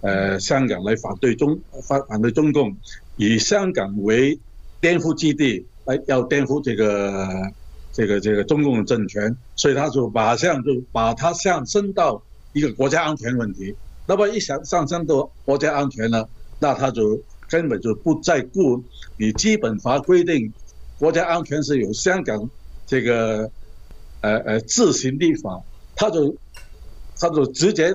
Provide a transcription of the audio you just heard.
呃，香港來反對中反反對中共，以香港為顛覆基地，來要顛覆這個這個這個中共政權，所以他就馬上就把它上升到一個國家安全問題，那麼一想上升到國家安全呢，那他就根本就不再顧你基本法規定，國家安全是由香港這個呃呃自行立法，他就他就直接。